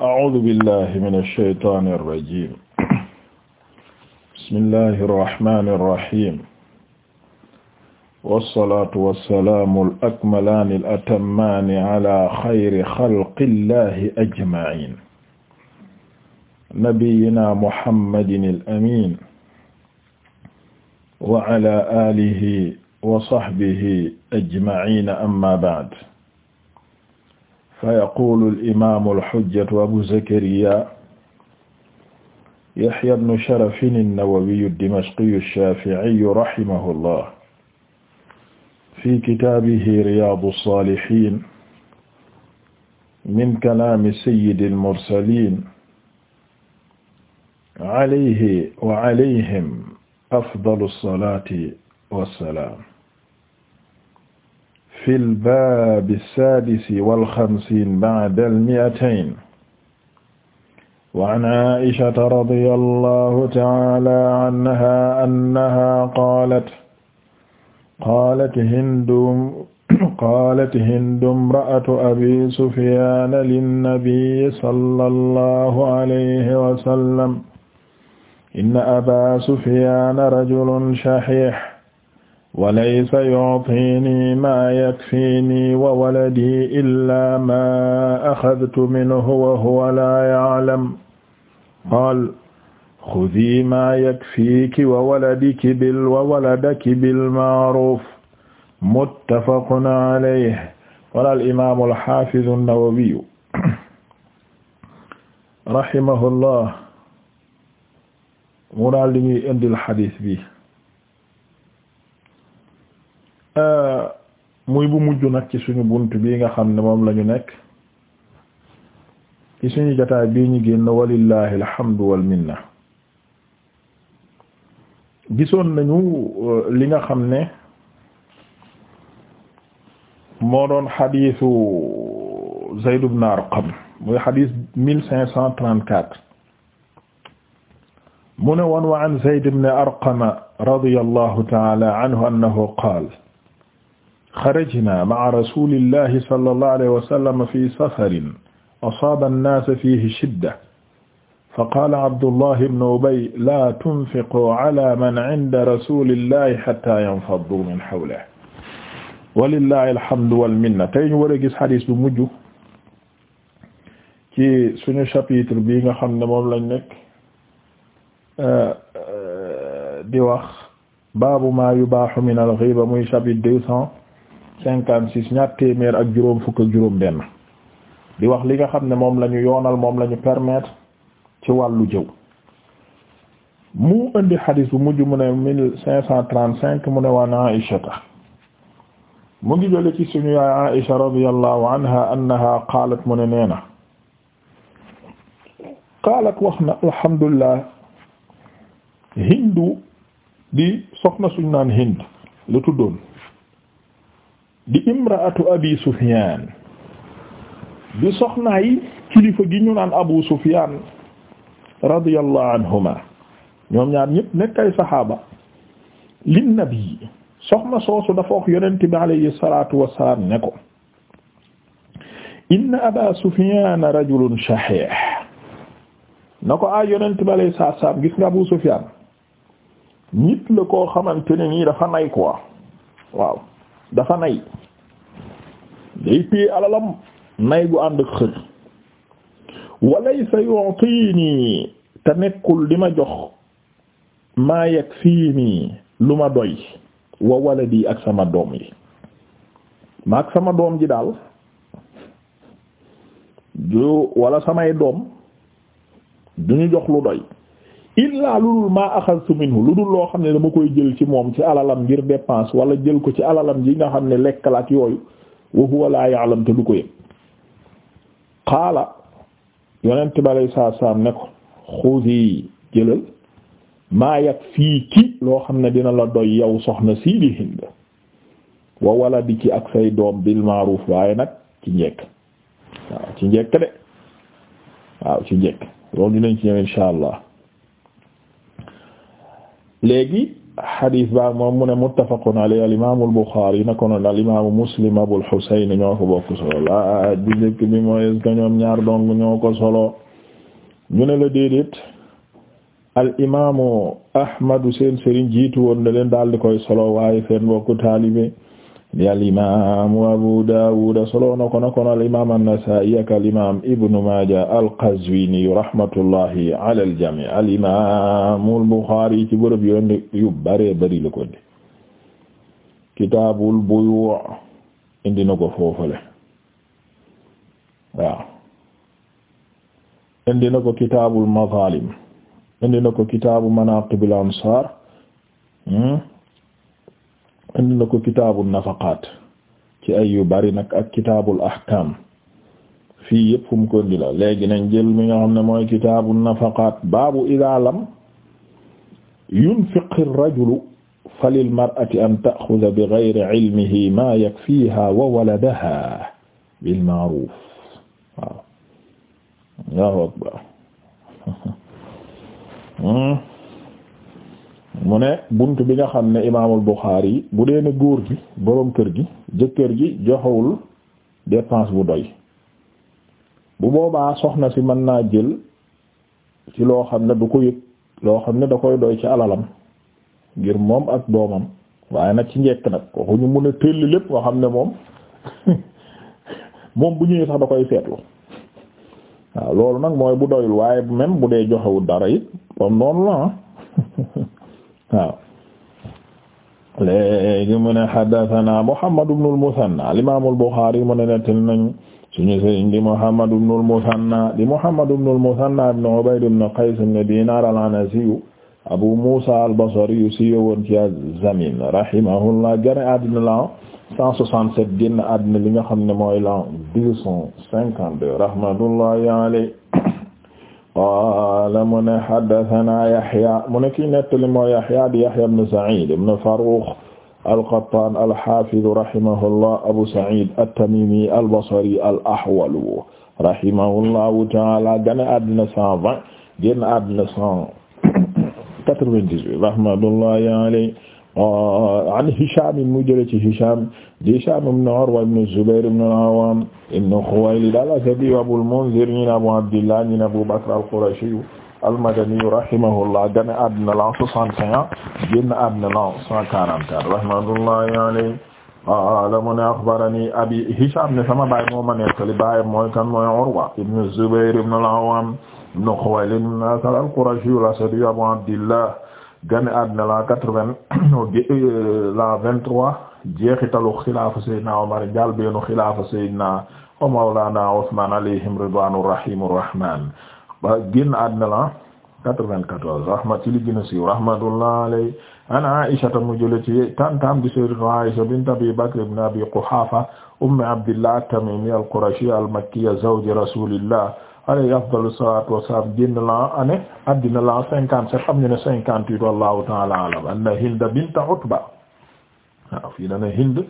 أعوذ بالله من الشيطان الرجيم بسم الله الرحمن الرحيم والصلاة والسلام الأكملان الأتمان على خير خلق الله أجمعين نبينا محمد الأمين وعلى آله وصحبه أجمعين أما بعد fa yaqulu al-imaamu al-hujjatu abu zakariya yahya ibnu sharafin an-nawawiyu ad-dimashqiyu ash-shaafi'iyu rahimahu llah fi kitaabihi riyaadu as-saalihiin min kalaami sayyidi al-mursaliin alayhi wa alayhim afdalu as-salaati was-salaam fi lbaabi ssaadisi wal xamsiin ba'dal mi'atayn wa an aa'ishata radiyallaahu ta'aalaa anhaa annahaa qaalat qaalat hindu qaalat hindu imra'atu abii sufyaan linnabiyyi sallallaahu alayhi wa sallam inna abaa sufyaan rajulun shahiih walaysa yu'tiini maa yakfiini wa waladii illaa maa axadtu minhu wa huwa laa ya'lam qaal xudii maa yakfiiki wa waladiki bil wa waladaki bil ma'ruuf muttafaqun alayhi qaala al imaamu al xaafidu an-nawawiyu rahimahullah mu daal di ñuy indil xadiis bi Euh, muy bu mujj nag ci suñu bunt bii nga xam ne moom lañu nekk ci suñu jotaay bii ñu génn walillahi alhamdu wal minna gisoon nañu euh, li nga xam ne moo doon xadiisu Zayd ibn Arqam muy xadiis mille cinq cent trente-quatre mu ne woon wa an Zayd ibn Arqam radiyallahu ta'ala anhu annahu xarajna ma'a rasulillahi sallallahu alayhi wa sallam fi safarin asaaba annaasa fiihi shidda fa qaala abdullahi ibn ubay laa tunfiquu ala man inda rasulillahi hatta yanfaddu min hawlihi walillahi alhamdu wal minna tey ñu war a gis xadis bu mujj ci suñu chapitre bii nga xam ne moom lañ nekk euh, euh, di wax baabu maa yubaahu min al-ghiiba muy chapitre deux cent cinquante six ñaar téeméer ak juróom fukk ak juróom benn di wax li nga xam ne moom la ñu yoonal moom la permetre ci wàllu jëw mu indi xadis bu mujj mu ne mil cinq cent trente cinq mu ne waan aishata mu ngi jële ci suñu yaay aisha radiyallahu anha annaha mu ne nee na qaalat wax na alhamdulillah hindu di soxna suñu naan hind lu tuddoon di imraatu abi sufyan di soxnaay kilifa gi ñu naan abu sufyan radiyallahu anhuma ñoom ñaar ñëpp nekk ay saxaaba lin nabi soxna soosu dafa wax yonent bi alayhi salatu wasalaam ne ko inna aba sufyan rajulun shahih na ko ah yonent bi alayhi salatu wasalaam gis nga abu sufyan nit la koo xamante nii dafa nay quoi waaw dafa nay day téye alalam nay gu ànd ak xër walaysa yu'tini te nekkul di ma jox maa nii lu ma doy wa waladi ak sama doom yi ma ak sama doom ji daal ju wala samay doom du ñu jox lu doy illaa ludul maa axastu minhu lu dul loo xam ne dama koy jël ci moom ci alalam ngir dépense wala jël ko ci alalam ji nga xam ne lekkal ak yooyu wa huwa laa ya'lam te du ko yëg yonent balay saa saam ne ko xudi jëlal maa yakfiiki loo xam ne dina la doy yow soxna sii di Hind wa waladiki ak say doom bil ma'ruf waaye nag ci njekk waaw ci njekk de waaw ci ci ñëw insha allah léegi xadis baa moom mu ne muttafaqun alayhi al imaamu al Buxaari na ko noon al imaamu Muslim Abul Husayn ñoo ko bokk solo la bi njëkk bi mooy est-ce ñoom ñaar dong ñoo ko solo ñu ne la déedéet al imaamu Ahmadu seen sëriñ jiitu woon na leen daal di koy solo waaye seen bokku taalibe al imaamu Abu Daawuda solo na ko na ko al imaam an-Nasaa'i ak al imaam Ibnu Maaja al-Qazwiini rahmatullahi ala al-jamii' al imaamu al-Buxaari ci bërëb yoon yu bare bari la ko di kitaabul buyu' indi na ko foofale waaw indi na ko kitaabul mazaalim indi na ko kitaabu manaaqibil ansaar hmm? indi na ko kitaabu nafaqaat ci ay yu bari nag ak kitaabul ahkaam fii yëpp fu mu ko indi la léegi nañ jël mi nga xam ne mooy kitaabu nafaqaat baabu idaa lam yunfiq ar-rajulu falil mar'ati an ta'xuda bi ghayri ilmihi maa yakfiihaa wa waladahaa bil ma'ruuf waaw mu ne bunt bi nga xam ne imaamul yi bu dee ne góor gi boroom kër gi jëkkër gi joxewul dépense bu doy bu boobaa soxna si mën naa jël ci loo xam ne du ko yëg loo xam ne da koy doy ci alalam ngir moom ak doomam waaye nag ci njekk nag ñu mun a tëll lépp nga xam ne moom moom bu ñëwee sax da koy seetlu waaw loolu nag mooy bu doyul waaye même bu dee joxewul dara it comme noonu la ah waaw léegi mu ne haddathana Muhammad ibn al-Muthanna al-imam al-Bukhari mu ne nettali nañu suñu sëriñ di Muhammad ibn al-Muthanna di Muhammad ibn al-Muthanna ibn Ubayd ibn Qays ibn Dinar al-Anasi Abu Musa al-Basri siiwoon ci az-Zamin rahimahullah gane àddina la 167 génn àddina li nga xam ne mooy la 252 rahmatullahi alayhi qaala mu ne haddathana Yahya mu ne kii nettali moo Yahya di Yahya ibn Sa'id ibn Farrukh al-Qattan al-Hafiz rahimahullah Abu Sa'id at-Tamimi al-Basri al-Ahwal rahimahullahu ta'ala gane àddina 120 génn àddina 198 rahmatullahi alayhi an Hisham mu jële ci Hisham di Hisham ibn Urwa ibn Zubayr ibn al-Awwam ibn Khuwaylid al-Asadi Abul Munzir ñi ne Abu Abdillah ñi ne Abu Bakr al-Qurashi al-Madani rahimahullah gane àddina la 61 génn àddina la 144 rahmatullahi alayhi qala mu ne akhbarani abi Hisham ne sama baay moo ma nettali baayam mooy kan mooy Urwa ibn Zubayr ibn al-Awwam ibn Khuwaylid ibn al-Asad al-Qurashi al-Asadi Abu Abdillah gane àddina la quatre-vingt euh, la vingt-trois jeexitalu xilaafa sayyidina Umar njàlbéenu xilaafa sayyidina wa mawlana Usmaan alayhim ridwaanu rahiimu rahmaan ba génn àddina la 94 rahmat ci li gën a siiw rahmatullah an Aïshata mu jële ci tantam di bint Abi Bakr ibn Abi Quhaafa ummi Abdillah at-Tamimiyya al-Qurashiyya al-Makkiyya zawji Rasuulillah alayhi afdalu salaatu wassalaam génn la année addina la cinquante sept am ñu ne cinquante huit wallahu taala alam anna Hind bint Utba waaw fii dana Hind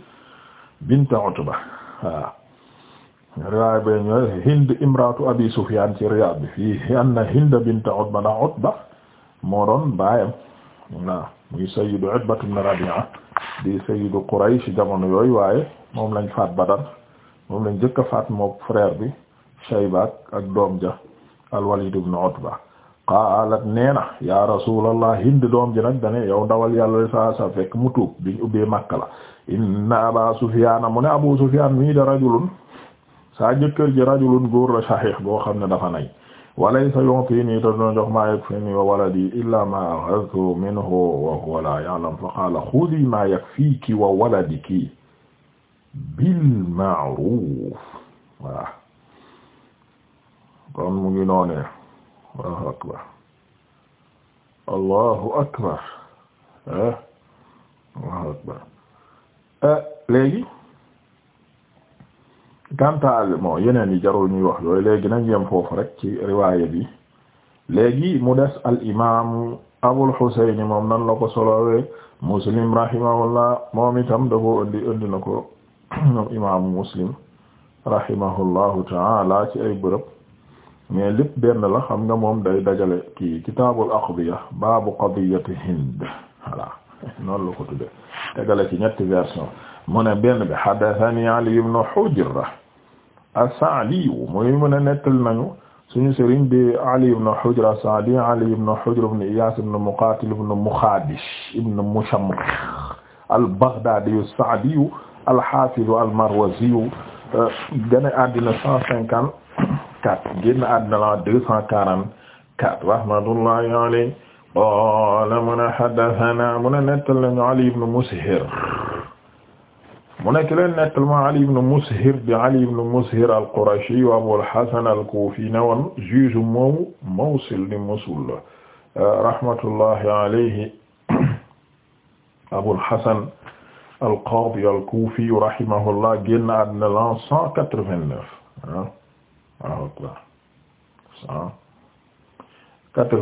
bint Utba waaw riwaay ba ñëw Hind imratu Abi Sufyaan ci Riyaad bi fii anna Hind bint Utba ndax Utba moo doon baayam waaw muy sayyidu Utba ibn Rabi'a di sayyidu Quraysh jamono yooyu waaye moom lañ faat Badar moom lañ jëkk a faat mook frère bi Shayba ak doom ja al-Walid ibn Utba qaalat nee na ya rasulallah Hind doom ji nag dane yow ndawal yàlla saa sa fekk mu tuub biñ ubbee Makka la inna Aba Sufyaan mu ne Abu Sufyaan mii da rajulun saa jëkkër ji rajulun góor la shahih boo xam ne dafa nay walaysa yu'tiinii ta doon jox maa yakfiinii wa waladii illaa maa akhadhtu minhu wa huwa laa ya'lam fa qaala khudhii maa yakfiiki wa waladiki bil ma'ruuf kon mu ngi noonee allahu akbar allahu akbar eh allahu akbar eh moo yeneen yi jarul ñuy wax yooyu léegi nañ yem foofu rek ci riwaaya bi léegi mu des al imaamu abul xuseyn moom nan la ko solowee muslim rahimahullah moom itam dafoo indi indi na ko imaamu muslim rahimahullahu taala ci ay bërëb mais lépp benn la xam nga moom day dajale kii kitaabul aqdiya baabu qadiyati hind voilà noonu la ko tudde dajale ci ñetti version mu ne benn bi hadathani ali ibn hujr as-sa'di muy mu ne nettal nañu suñu sëriñ bi ali ibn hujr as-sa'di ali ibn hujr ibn iyas ibn muqatil ibn mukhadish ibn mushamr al-baghdadi as-sa'di al-hafiz al-marwazi gane àddina cent cinquante 4 génn àddina la 244 rahmatullahi alayhi qaala mu ne haddathana mu ne nettal nañu Ali ibn Mushir mu nekk leen nettal ma Ali ibn Mushir di Ali ibn Mushir al-Qurashi wa Abul Hasan al-Kufi ne woon juge moomu Mawsil di Mosul rahmatullahi alayhi Abul Hasan al-Qadi al-Kufi rahimahullah génn àddina la 189 waaw akbar cent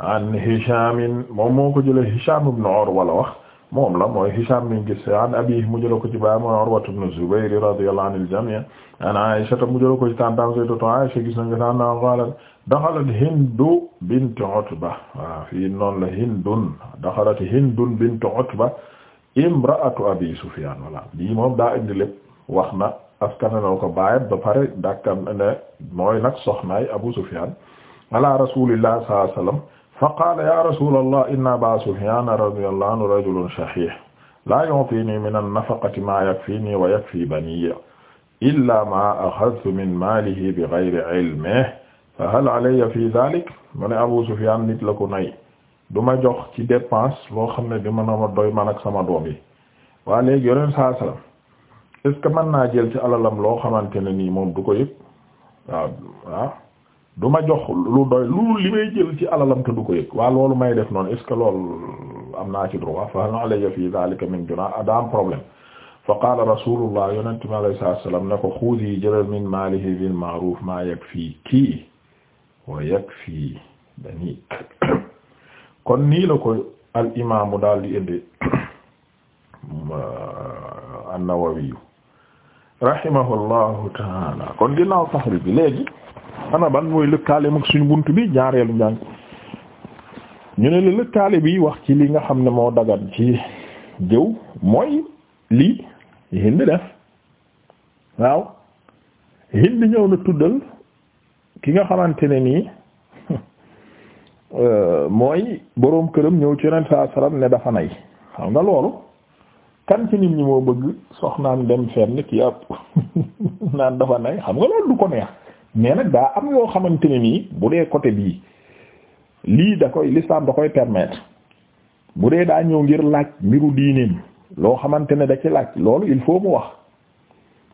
an Hisham moom moo ko jëlee Hisham ibn Urwa la wax moom la mooy Hisham min gis an abihi mu jëla ko ci baay mooy Urwa ibn Zubayr radiyallahu anil jami' an Aisha mu jëla ko ci tantam sayyidatu Aisha gis nañ ko tan na qalat dakhalat Hindu bint Utba waaw fii la Hindun dakhalat Hindun bint Utba imra'atu Abi Sufyan wala lii moom daa indi wax na askanaloo ko baayam ba pare dàkkan ne mooy nag soxnaay Abu Sufyan ala rasulillah sallallahu alayhi wasallam fa qaala ya rasulallah inna Aba Sufyan radiyallahu anhu rajulun shahih la yu'tini min an-nafaqati ma yakfini wa yakfi baniya illa ma akhadhtu min malihi bighayri ilmihi fa hal alayya fi dhalik mu ne Abu Sufyan nit la ko nay du ma jox ci dépense boo xam ne di mën a ma doy man ak sama doom yi waa léegi yoneen sallallahu alayhi wasallam est-ce naa jël ci alalam loo xamante ne nii moom du ah, du ma jox lu doy lu li may jël ci alalam te du ko waa loolu may def noonu est-ce am naa ci droit fa hal alayya fi dhalika min junah ah, daa am fa qaala rasulullah yonente mi alayhi salaatu ne ko xuusi jëlal min maalihi bil ma'ruf maa yakfiiki wa yakfi banik kon nii la ko al daal di indi ah, an-Nawawi rahimahullahu taala kon ginnaaw taxrib bi léegi ana ban mooy lëkkaale mag suñu bunt bi ñaareelu njàng ñu ne la lëkkaale bi wax ci li nga xam ne moo dagat ci jëw mooy lii Hind def waaw Hind ñëw na tuddal ki nga xamante ne nii euh, mooy boroom këram ñëw ci yeneen saa salaam ne dafa nay xam nga loolu kan ci nit ñi moo bëgg soxnaam dem fenn ki ab naan dafa ne xam nga loolu du ko neex mais nag daa am yoo xamante ne nii bu dee côté bii lii da koy l'islam da koy permettre bu dee daa ñëw ngir laaj mbiru diineem loo xamante ne da ci laaj loolu il faut mu wax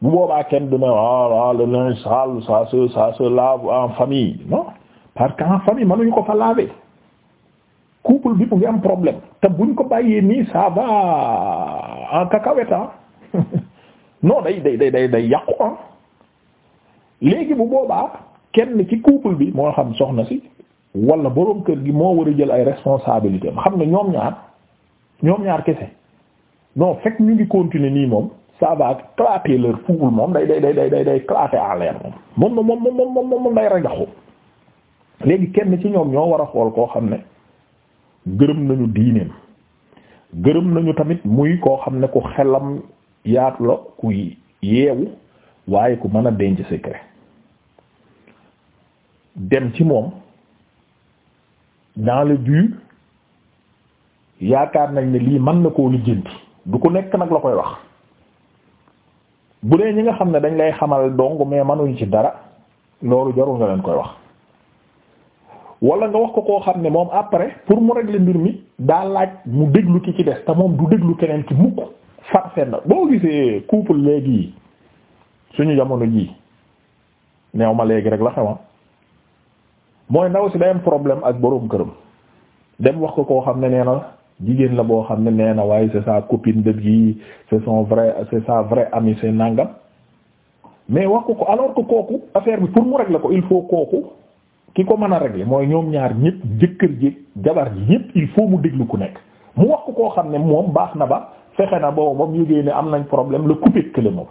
bu boobaa kenn du ne ah, ah le linge sale ça se ça se lave en famille non parce que en famille mënuñu ko fa laver couple bi mu ngi am problème te buñ ko bàyyee nii ça va. en cacahuète noo day day day day day yàqu ah léegi bu boobaa kenn ci couple bi moo xam soxna si wala boroom kër gi moo war a jël ay responsabilités xam ne ñoom ñaar ñoom ñaar kese non fekk ñu ngi continuer nii moom ça va éclater leur couple moom day day day day day éclater en l'air moom moom moom moom moom moom moom day rajaxu léegi kenn ci ñoom ñoo war a xool koo xam ne gërëm nañu diineem. gërëm nañu tamit muy koo xam ne ku xelam yaatu la ku yeewu waaye ku mën a denc secret dem ci moom dans le but yaakaar nañ ne lii mën na koo lijjanti du ku nekk nag la koy wax bu dee ñi nga xam ne dañ lay xamal dong mais mënuñ ci dara loolu jarul nga leen koy wax wala nga wax ko koo xam ne moom après pour mu régler mbir mi daal laaj mu déglu ki ci des te moom du déglu keneen ki mukk far seen boo gisee couple léegi suñu jamono ji neew ma léegi rek la xewa ah. mooy ndaw si day am problème ak boroom këram dem wax ko koo xam ne nee na jigéen la boo xam ne nee na waaye c'est sa copine dëgg yi c'est son vrai c'est sa vrai ami c'est nangam mais wax ko ko alors que kooku affaire bi pour mu la ko il faut kooku ki ko mën a régler mooy ñoom ñaar ñëpp jëkkër ji jabar ji ñëpp il faut mu déglu ku nekk mu wax ko koo xam ne moom baax na ba fexe na boobu ba mu yëgee ne am nañ problème la coupé kële moom.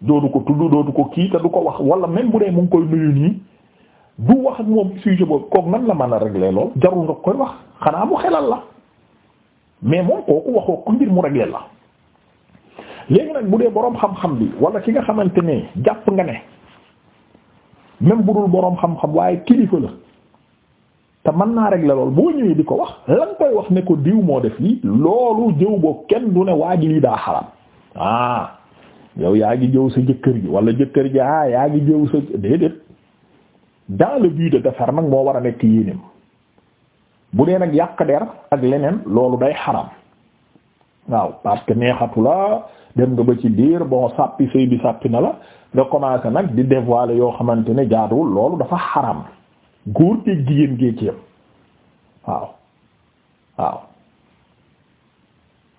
dootu ko tudd dootu ko kii te du ko wax wala même bu dee mu ngi koy nuyu nii du wax ak moom sujet boobu kook nan la mën a régler lool jarul nga koy wax xanaa mu xelal la mais moom kooku waxoo ko ngir mu régler la léegi nag bu dee boroom xam-xam bi wala ki nga xamante ne jàpp nga ne. même bu dul boroom xam-xam waaye kilifa la te mën naa régler loolu boo ñëwee di ko wax lan koy wax ne ko diw moo def lii loolu jëw boo kenn du ne waa gi lii daa xaram ah yaa gi jëw sa jëkkër ji wala jëkkër ji ah yaa ngi jëw sa déedéet dans le but de defar nag moo war a nekk yéenéem bu dee nag yàq der ak leneen loolu day xaram waaw parce que neexatu la dem nga ba ci biir bon sàppi sëy bi sàppi na la nga commencé nag di dévoiler yoo xamante ne jaaduwul loolu dafa xaram góor te jigéen gee ci yam waaw waaw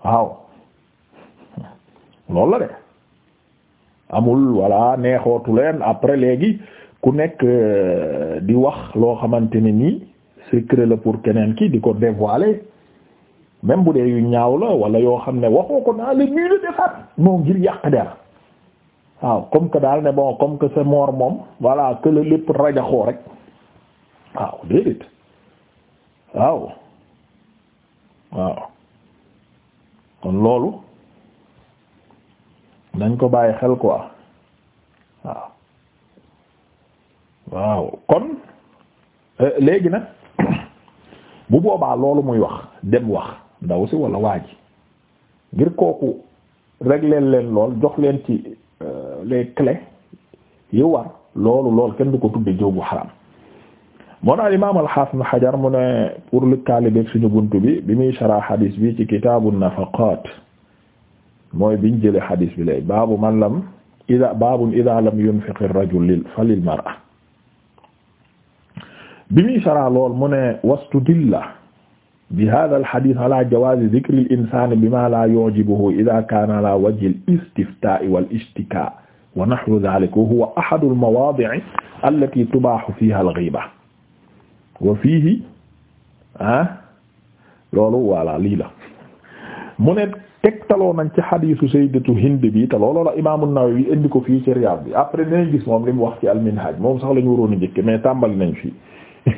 waaw loolu la de amul walla neexootu leen après léegi ku nekk euh, di wax loo xamante ni nii secret la pour keneen ki di ko dévoiler même bu dee yu ñaaw la wala yoo xam ne waxoo ko naa le mieux de defaat moo ngir yàq dara waaw comme que daal ne bon comme que c'est moor moom voilà que le lépp rajaxoo rek waaw déedéet waaw waaw kon loolu dañ ko bàyyi xel ko waaw waaw kon euh, léegi nag bu boobaa loolu muy wax dem wax ndaw si wala waa ji ngir kooku régler leen lool jox leen ci Euh, les clés yu war loolu lool kenn du ko tudde jëw bu xaram moo na imaam al-Hasan Hajar mu ne pour lëkkaali beeg suñu bunt bi bi muy shara xadiis bi ci kitaabu nafaqaat mooy biñ jële xadiis bi lay baabu man lam ida baabun ida lam yunfiq ar-rajul fa lil mar'a bi muy shara lool mu ne wastudilla bi hadha al-hadith ala jawaazi dhikri al-insaan bima la yujibuhu ida kaana ala wajhi istiftaa wal ishtikaa wa nahwu dhaalika wa huwa al-mawaadi'i allatii tubaahu fiihaa al-ghiiba wa fiihi ah loolu lii la mu ne tegtaloo nañ ci xadiisu sayyidatu Hind bi te looloo la Imaam an-Nawawi indi ko fii ci Riyaad bi après dinañ gis moom li wax ci al-Minhaaj moom sax la ñu waroon a njëkk mais tàmbali nañ fii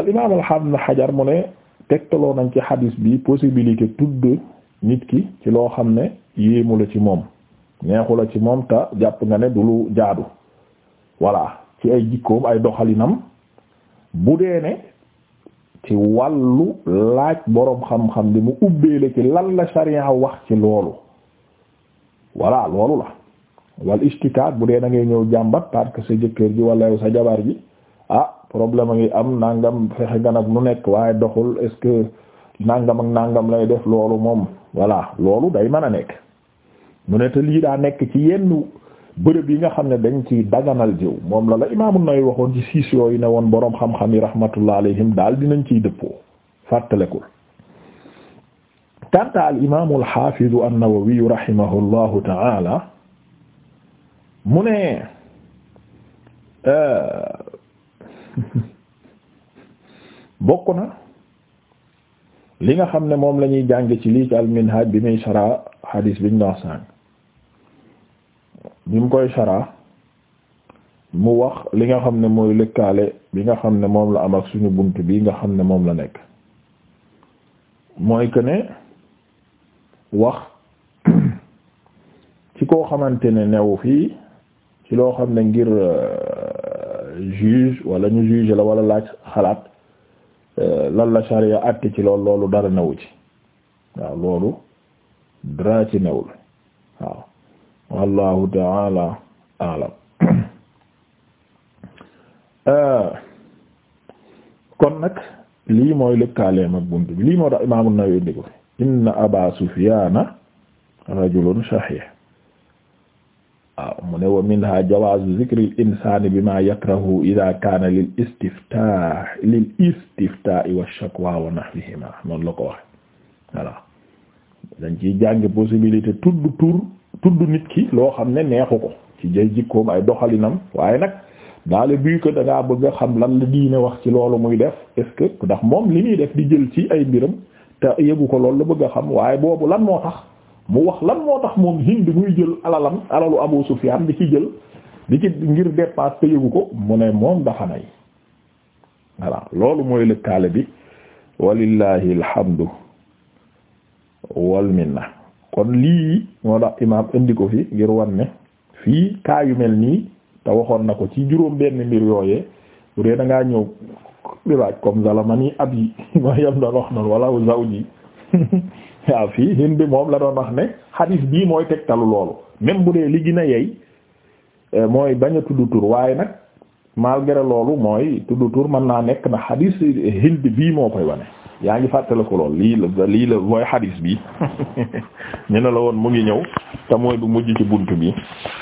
al-Imaam al-Haafiz Ibn Hajar mu ne tegtaloo nañ ci xadiis bi possibilité tudd nit ki ci loo xam ne. yéemu la ci moom neexu la ci moom te jàpp nga ne du lu jaadu voilà ci ay jikkoom ay doxalinam bu dee ne ci wàllu laaj boroom xam-xam bi mu ubbee la ci lan la sharia wax ci loolu voilà loolu la wal istikaat bu dee na ngay ñëw jàmbat parce sa jëkkër ji wala yow sa jabar ji ah problème a ngi am nangam fexe nga nag nu nekk waaye doxul est-ce que nangam ak nangam lay def loolu moom voilà loolu day mën a nekk mu ne te lii daa nekk ci yenn bërëb yi nga xam ne dañ ci daganal jëw moom la la imaamu Nawawi waxoon ci siis yi ne woon boroom xam-xam yi rahmatullah daal dinañ ciy dëppoo fàttalekul kanta al imaamu al xaafidu an-Nawawi mu ne euh, bokk na li nga xam ne moom lañuy ñuy jàng ci lii ci al minhaj bi muy sara xadiis biñ la sànq bi mu koy shara mu wax li nga xam ne mooy lëkkaale bi nga xam ne moom la am ak suñu bunt bi nga xam ne moom la nekk mooy que ne wax ci koo xamante ne newu fii ci loo xam ne ngir euh, juge wala ñu juge la wala laaj xalaat euh, lan la charia àtte ci lool loolu dara newu ci waaw loolu dara ci newul waaw wallahu taala alam euh, kon nag lii mooy lëkkaaleem ak bunt bi lii moo tax imaamu Nawawi indi ko inna aba Sufyaana rajulun shahih waaw mu ne wa minha jawaazu zikri al insaani bima yakrahu idaa kaana lil istiftaa lil shakwa wa nahwihimaa noonu ko waxe voilà dañ ciy jàng possibilité tudd tur tudd nit ki loo xam ne neexu ko ci jay jikkoom ay doxalinam waaye nag daale buy ko da ngaa bëgg xam lan la diine wax ci loolu muy def est ndax moom li muy def di jël ci ay mbiram te yëgu ko lool la bëgg a xam waaye boobu lan moo tax mu wax lan moo tax moom Hind muy jël alalam alalu Abu Sufyaan bi ci jël di ci ngir dépasse te yëgu ko mu ne moom dafa nay voilà loolu mooy lëkkaale bi walillahi alhamdu wal minna kon lii moo tax imaam indi ko fi ngir wan ne fii kaa yu mel nii te waxoon na ko ci juróom benn mbir yooyee bu dee da ngaa ñëw di laaj comme zalamani abi mooy yam doon wax noonu wala zawji waaw fii Hind moom la doon wax ne hadis bii mooy tegtalu loolu même bu dee li gën a yey eh, mooy bañ a tur waaye nag malgré loolu mooy tudd tur mën naa nekk na hadis Hind bii moo koy wane yaa ngi ko lool lii la lii la mooy xadis bi ñu ne la woon mu ngi ñëw te mooy bu mujj ci bunt bi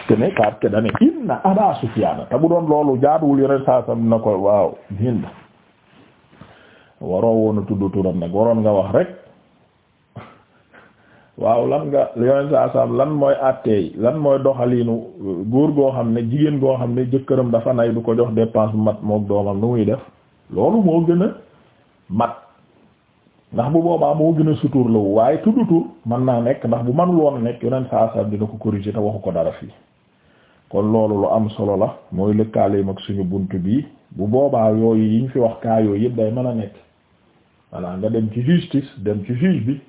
te ne kaat ke dane inna aba sufyaana te bu doon loolu jaaduwul yore saa na ko waaw hind waroo woon a tudd turam nag waroon nga wax rek waaw lan nga yoneen saa lan mooy àtteey lan mooy doxaliinu góor goo xam ne jigéen goo xam ne jëkkëram dafa nay du ko jox dépense bu mat mook doomam nu muy def loolu moo gën a mat ndax bu boobaa moo gën a sutur la waaye tudd tur mën naa nekk ndax bu man loon nekk yoneen saa saa dina ko corriger te waxu ko dara fii kon loolu lu am solo la mooy lëkkaaleem ak suñu bunt bii bu boobaa yooyu yi ñu fi wax kaa yooyu yëpp day mën a nekk voilà nga dem ci justice dem ci juge bi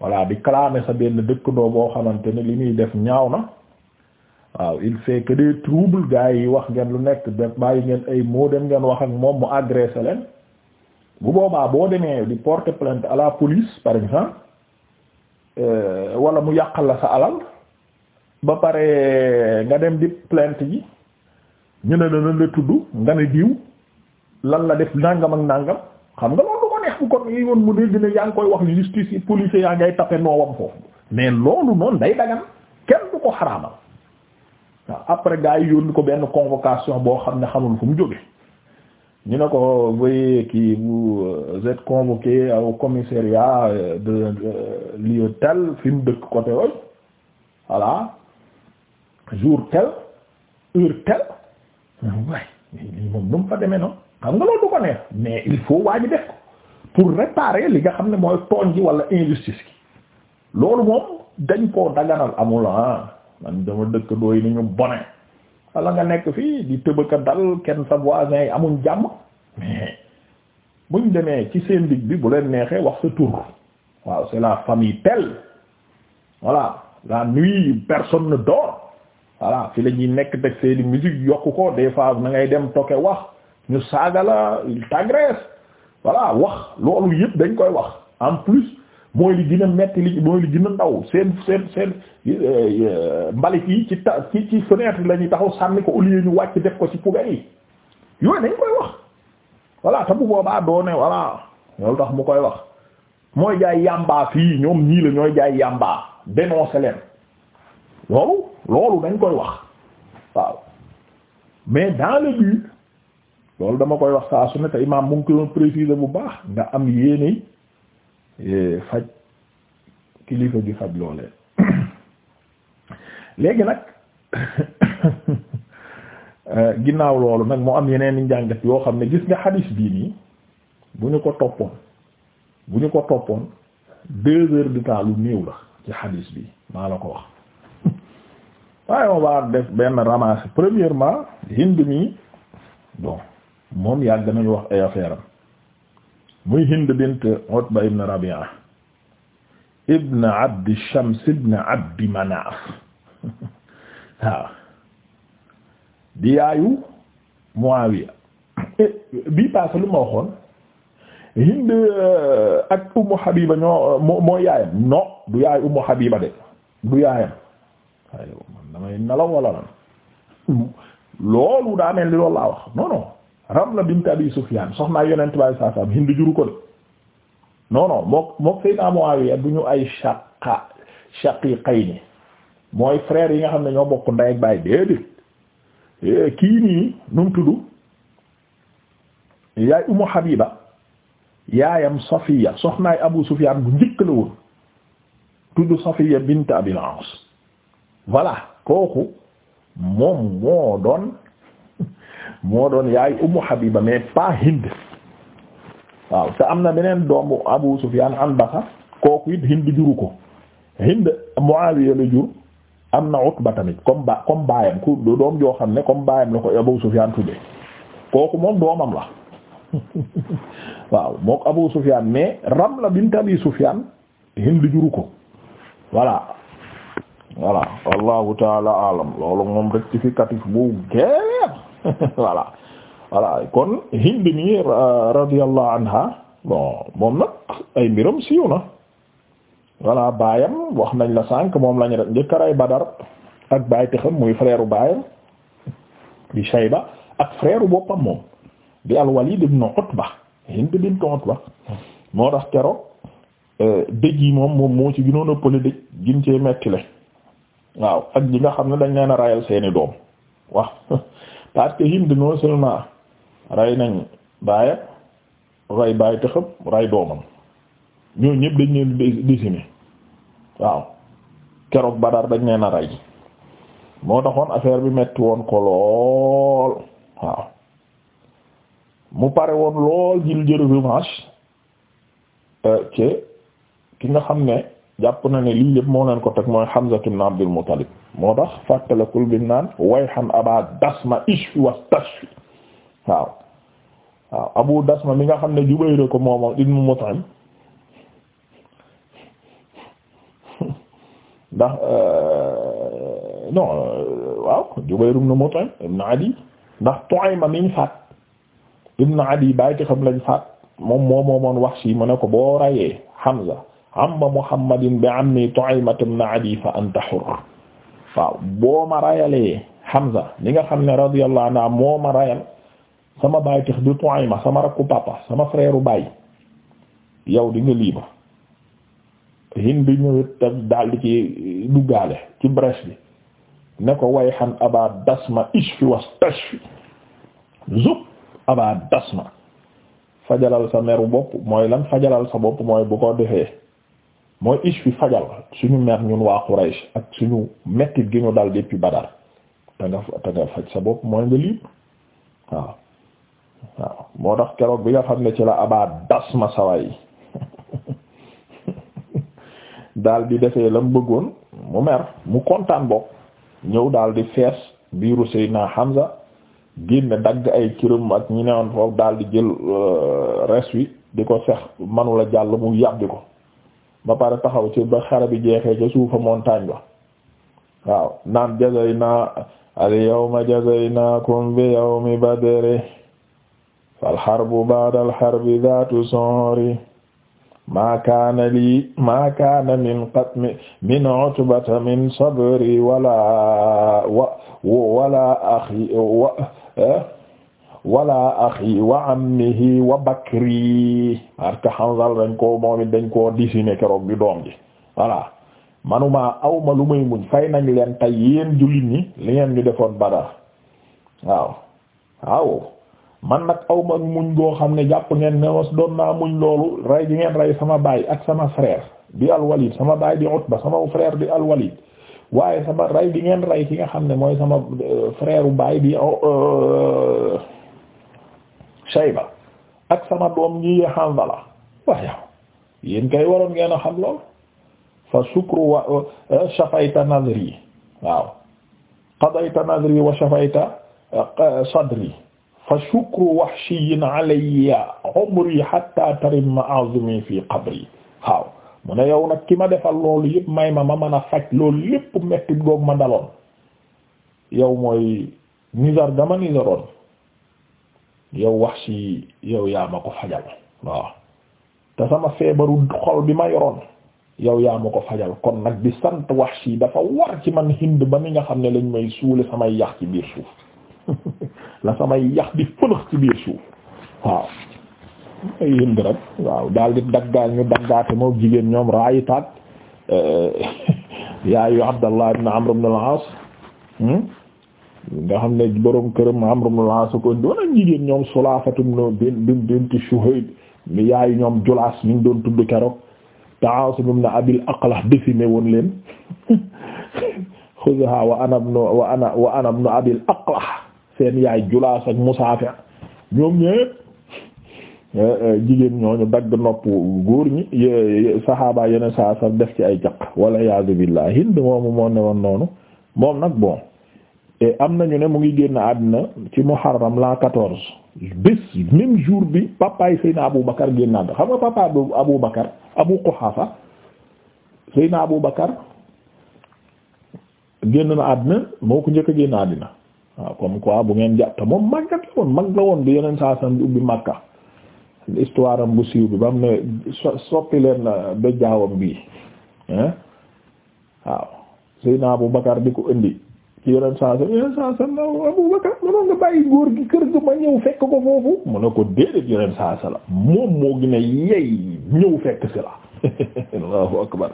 voilà di clamer sa benn dëkkandoo boo xamante ne li muy def ñaaw na waaw il fait que des troubles gaa yi wax ngeen lu nekk def bàyyi ngeen ay moo dem ngeen wax ak moom mu agressé leen bu boobaa boo demee di porter plainte à la police par exemple euh, wala mu yàqal la sa alal ba pare nga dem di plainte ji ñu ne la nan la tudd nga ne diw lan la def nàngam ak nàngam xam nga loolu du ko neex bu kon yi woon mu dégg ne yaa ngi koy wax justice yi policier yaa ngay tape noowam foofu mais loolu noonu day dagan kenn du ko xaraamal waaw après gars yi yónni ko benn convocation boo xam ne xamul fu mu jóge ñu ne ko oh, veuillez kii euh, vous êtes convoqué au commissariat euh, de lieu tel fi mu dëkk côté yooyu voilà jour tel heure tel waay moom nu mu fa demee noonu xam nga loolu du ko neex mais il faut waa ji def ko pour réparer li nga xam ne mooy tooñ ji wala injustice ki loolu moom dañ koo daganal amul ah dama dëkk dooy ni bone wala nga nekk fii di tëbëka dal kenn sa voisin yi amuñ jàmm mais buñ demee ci seen dig bi bu leen neexee wax sa tur waaw c'est la famille telle voilà la nuit personne ne dort voilà fi la ñuy nekk teg seeni musique yokk ko des fois na ngay dem toke wax ñu saaga la il t'agresse wax loolu yëpp dañ koy wax en plus mooy li gën a metti li mooy li gën a ndaw seen seen seen euh, euh, mbalit yi ci ta ci ci fenêtre lañuy ñuy taxaw sànni ko au ñu wàcc def ko ci poubelle yi yooyu dañ koy wax voilà te boobaa doone voilà loolu tax mu koy wax mooy jaay yàmbaa fii ñoom ñii la ñooy jaay yàmbaa dénoncé leen loolu loolu dañ koy wax waaw mais dans le loolu dama koy wax saa su ne te imaam mu ngi ko préciser bu baax nga am yéene E, faj kilifa gi faj loolee léegi nag e, ginnaaw loolu nag moo am yeneen i njàngat yoo xam ne gis nga xadiis bii nii bu ñu ko toppoon bu ñu ko toppoon deux heures de temps néew la ci xadiis bi maa la ko wax waaye on va def benn ramasse premièrement Hind mi bon moom yàgg nañu wax ay affaire muy Hind bint Utba ibn Rabi'a ibn Abdi Shams ibn Abdi Manaf waaw di yaayu Muawiya eh, bii passé lu ma waxoon Hind eh, ak Ummu Habiba ñoo moo yaayam non du yaay Ummu Habiba de du yaayam waaye man damay nelaw wala lan loolu daa mel ni loolu laa wax non Ramla bint Abi Sufyan soxnaa yonent bi sallallahu alayhi juru ko de non non mook mook Seydina Muawiya du ñu ay shaqa shaqiqayni mooy frère yi nga xam ne ñoo bokk ndey ak baay déedéet eh, kii nii nu yaay Ummu Habiba yaayam Safiya soxnaay Abu Sufyan bu njëkk la woon tudd Safiya bint Abil As voilà kooku moom moo doon. moo doon yaay ummu Habiba mais pas Hind waaw te am na beneen doomu Abu Sufyan Anbasa kooku it Hind juru ko Hind Muawiya la jur am na Utba tamit comme ba baayam ku doom joo xam ne comme baayam la ko Abu Sufyan tudde kooku moom doomam la waaw mook Abu Sufyan mais Ramla bint Abi Sufyan Hind juru ko voilà voilà wallahu taala alam loolu moom rectificatif bu geer voilà voilà kon Hind mi radiyallahu anha bon moom nag ay mbiram siiw na voilà baayam wax nañ la sànq moom lañ rek njëkk a rey Badar ak baay tëxam muy frère baayam di Shayba ak frère boppam moom di al-Walid ibn Utba Hind bint Utba moo tax keroog euh, dëj yi moom moom moo ci gënoon pële dëj gin cee metti le waaw ak ñi nga xam ne dañ leen a rayal seeni doom waaw parce que Hind non seulement rey nañ baayam rey baay tëxam rey doomam ñoo ñëpp dañ leen décimer waaw keroog Badar dañ leen a rey moo taxoon affaire bi metti woon ko lool waaw mu pare woon lool jël jël revanche euh, ci ki nga xam ne jàpp na ne lii lépp moo leen ko teg mooy Hamza ibn Abdul Muttalib moo tax fàttalakul bi naan wayhan aba dasma ishfi wastashfi waaw waaw abu dasma mi nga xam ne Jubayr ko moomoom ibn Mut'im ndax euh, non euh, waaw Jubayr ibn Mut'im ibn Adi ndax Tu'ayma miñ faat ibn Adi bàyyi xam lañ faat moom moo moomoon wax si mu ne ko boo rayee Hamza amba muhammadin bi ammi Tu'aymat ibn Adi fa anta hurr waaw boo ma rayalee Hamza li nga xam ne moo ma rayal sama baay tax du Tu'ayma sama rakku papa sama frère baay yow di nga libre Hind ñëwet tam daal di ci duggaale ci brèche bi ne ko way aba dasma ishfi wastashfi zub aba dasma fajalal sa meru bopp mooy lan fajalal sa bopp mooy bu ko defee mooy ishfi fajal suñu mer ñun waa Quraysh ak suñu mettit gi ñu dal depuis Badar te nga faj sa bopp mooy nga libre waaw moo tax keroog bi nga xam ne ci la abaa das ma saway daal di defee la mu bëggoon mu mer mu kontaan bopp ñëw daal di fees biiru Seydina Hamza génne dagg ay kiram ak ñi newoon foofu daal di jël euh, res wi di ko fex manula jàll mu yàbbi ko ba pare taxaw ci ba xare bi jeexee ca suufa montagne ba waaw naan jazayna al yawma jazaynaakum bi yawmi badri fal harbu ba'da al harbi dhatu sori ma kaana lii ma kaana min qatmi min utbata min sabri wala wa wala akhi wa eh? wala axi wa ammihi wa bakri parce que Hanzal dañ koo moom dañ koo disine keroog bi doom ji voilà manuma awma lu may muñ fay nañ leen tey yéen jullit ñi li ngeen ñu defoon Badar waaw waaw man nag awma muñ goo xam ne jàpp ngeen ne was doon naa muñ loolu rey gi ngeen rey sama baay ak sama frère bi alwalid sama baay di Utba sama frère di alwalid waaye sama rey bi ngeen rey ki nga xam ne mooy sama euh, frère baay bi aw euh, Shayba ak sama doom ñi Hanzala waaye yéen kay waroon ngeen a xam lool fa shukru wa shafayta nadri waaw qadayta nadri wa shafayta sadri fa shukru wahshiyyin alayya umri hatta tarimma azmi fi qabri waaw mu ne yow nag ki ma defal loolu yëpp may ma ma mën a faj loolu lépp metti googu ma daloon yow mooy nizar dama nizaroon yow wax si yow yaa ma ko fajal waaw te sama feebaru xol bi ma yoroon yow yaa ma ko fajal kon nag bi sant wax si dafa war ci man hind ba ni nga xam ne lañ may suule samay yax ci biir suuf la samay yax di fënax ci biir suuf waaw ay hind rek waaw daal di daggaa ñu daggaate moo jigéen ñoom raayitaat yaayu abdallah ibn amr ibn al-aas hmm? nga xam ne borom këram Amr ibn al-As ko indi woon ak jigéen ñoom Sulaafatum no bin bint mi yaayu ñoom Julaas ñu doon tudd keroog te Aasim ibn Abil Aqla décimé woon leen xuzha seen yaay Julaas ak eh, eh, jigéen ñooñu dagg nopp góor ñi saxaaba yeneen saa sax def ci ay jaq wala yaazu billah Hind moomu moo ne moom nag bon. et am nañu ne mu ngi génn àddina ci muharram la quatorze bés même jour bi papaay Seydina Abu Bakar génn àddina xam nga papa Abu Bakar Abu Quhafa Seydina Abu Bakar génn na àddina moo ko njëkk a génn àddina waaw comme quoi bu ngeen jàpp te moom màggat la woon mag la woon bi yeneen saa san bi ubbi Makka histoire am bu siiw bi ba mu ne soppi leen euh, béjjaawam bii hein waaw Seydina Abu Bakar di ko indi ci yeneen saa sën yeneen saa sën Abubakar mënoon nga bàyyi góor gi kër gi ma ñëw fekk ko foofu mu ne ko déedéet yeneen saa sën la moom moo gën a ñëw fekk si la Allahu akbar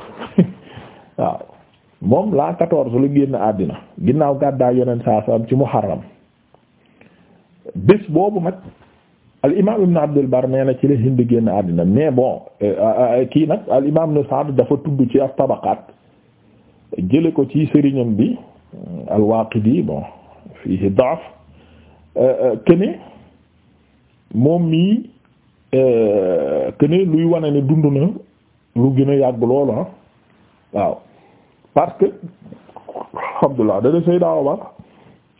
waaw moom la quatorze lu génn àddina ginnaaw gàddaay yeneen saa sën ci Muharram bés boobu nag al imaam Ibn Abdul Bar nee na ci la Hind génn àddina mais bon euh, euh, kii nag al imaam Ibn Sa'd dafa tudd ci ab tabaqaat. jële ko ci sëriñam bi al-Waaqidi bon fiihi daaf kene euh, euh, moom mii kene euh, luy wane ne dund na lu gën a yàgg loolu ah waaw parce que Abdullah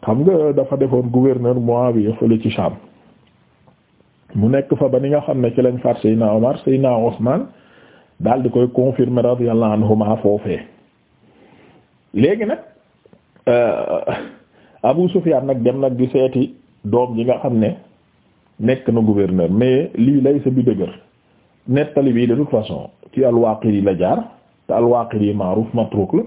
xam nga dafa defoon gouverneur Muawiya fële ci Sham mu nekk fa ba ni nga xam ne ci lañ faat Seydina Omar Seydina Ousmane daal di koy confirmer radiyallahu anhuma foofee léegi nag euh, Abu Sufyan nag dem nag di seeti doom ji nga xam ne nekk na gouverneur mais lii lay sa bi dëgër nettali bi de toute façon ci al-Waqidi la jaar te al-Waqidi ma'ruf matruk la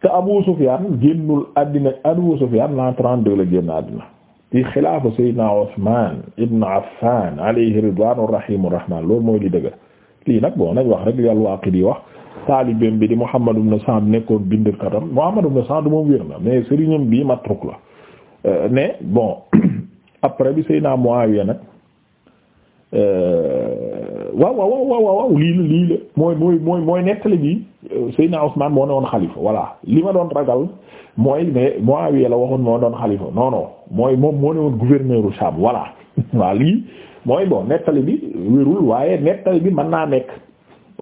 te Abu Sufyan génnul àddina Abu Sufyan la 32 la génn àddina ci xilaafa Seydina Usman ibn Affan alayhi ridwanu rahimu rahman loolu mooy li dëgër lii nag bon nañ wax rek li al-Waqidi wax taalibeem bi di Muhammad ibn Sa'd nekkoon bindkatam Muhammad ibn Sa'd moom wér na mais sëriñam bi matruk la euh, mais bon après bi Seydina Muawiya nag euh, waaw waaw waaw waaw lii la lii la mooy mooy mooy mooy nettali bi euh, Seydina Ousmane moo ne woon xalifa voilà li ma doon ragal mooy mais Muawiya la waxoon moo doon xalifa non non mooy moom moo ne woon gouverneur u Sham voilà lii mooy bon nettali bi wérul waaye nettali bi mën naa nekk